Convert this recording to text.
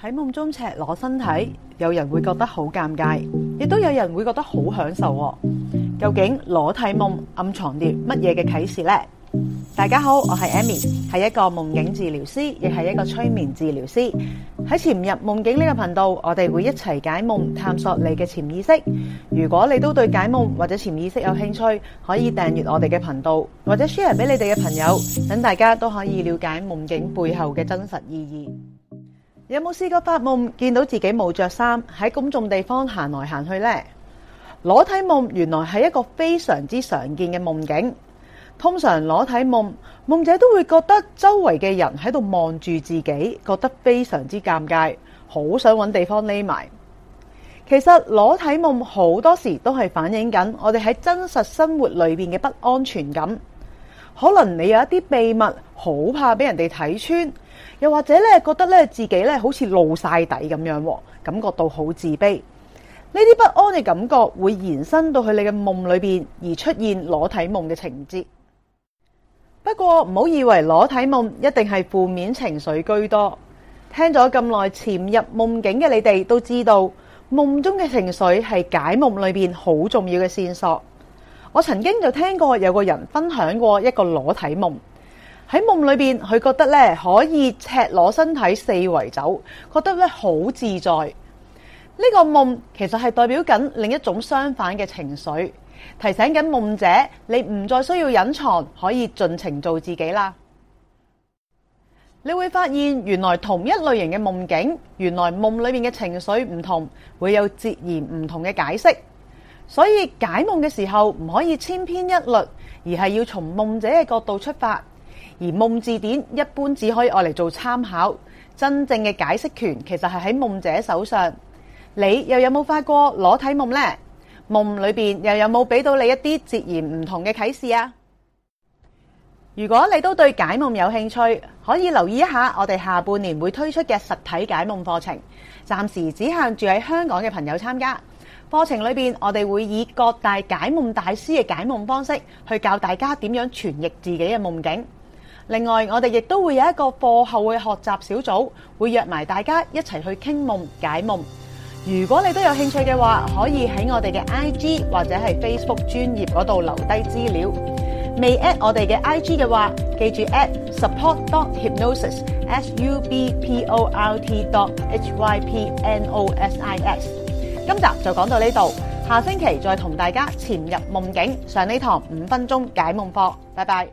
喺夢中赤裸身體，有人會覺得好尷尬，亦都有人會覺得好享受。究竟裸體夢暗藏啲乜嘢嘅啟示呢？大家好，我係 Amy，係一個夢境治療師，亦係一個催眠治療師。喺潛入夢境呢個頻道，我哋會一齊解夢，探索你嘅潛意識。如果你都對解夢或者潛意識有興趣，可以訂閱我哋嘅頻道，或者 share 俾你哋嘅朋友，等大家都可以了解夢境背後嘅真實意義。有冇試過發夢見到自己冇着衫喺公眾地方行來行去呢？裸體夢原來係一個非常之常見嘅夢境，通常裸體夢夢者都會覺得周圍嘅人喺度望住自己，覺得非常之尷尬，好想揾地方匿埋。其實裸體夢好多時都係反映緊我哋喺真實生活裏邊嘅不安全感。可能你有一啲秘密，好怕俾人哋睇穿，又或者咧覺得咧自己咧好似露晒底咁樣，感覺到好自卑。呢啲不安嘅感覺會延伸到去你嘅夢裏邊，而出現裸體夢嘅情節。不過唔好以為裸體夢一定係負面情緒居多。聽咗咁耐潛入夢境嘅你哋都知道，夢中嘅情緒係解夢裏邊好重要嘅線索。我曾經就聽過有個人分享過一個裸體夢，喺夢裏邊佢覺得咧可以赤裸身體四圍走，覺得咧好自在。呢個夢其實係代表緊另一種相反嘅情緒，提醒緊夢者你唔再需要隱藏，可以盡情做自己啦。你會發現原來同一類型嘅夢境，原來夢裡面嘅情緒唔同，會有截然唔同嘅解釋。所以解夢嘅時候唔可以千篇一律，而係要從夢者嘅角度出發，而夢字典一般只可以攞嚟做參考，真正嘅解釋權其實係喺夢者手上。你又有冇發過裸體夢呢？夢裏邊又有冇俾到你一啲截然唔同嘅啟示啊？如果你都對解夢有興趣，可以留意一下我哋下半年會推出嘅實體解夢課程。暫時只限住喺香港嘅朋友參加。課程裏邊，我哋會以各大解夢大師嘅解夢方式，去教大家點樣傳譯自己嘅夢境。另外，我哋亦都會有一個課後嘅學習小組，會約埋大家一齊去傾夢解夢。如果你都有興趣嘅話，可以喺我哋嘅 IG 或者係 Facebook 專頁嗰度留低資料。未 at 我哋嘅 IG 嘅話，記住 at support dot hypnosis s u b p o r t dot h y p n o s i s。I s 今集就講到呢度，下星期再同大家潛入夢境，上呢堂五分鐘解夢課，拜拜。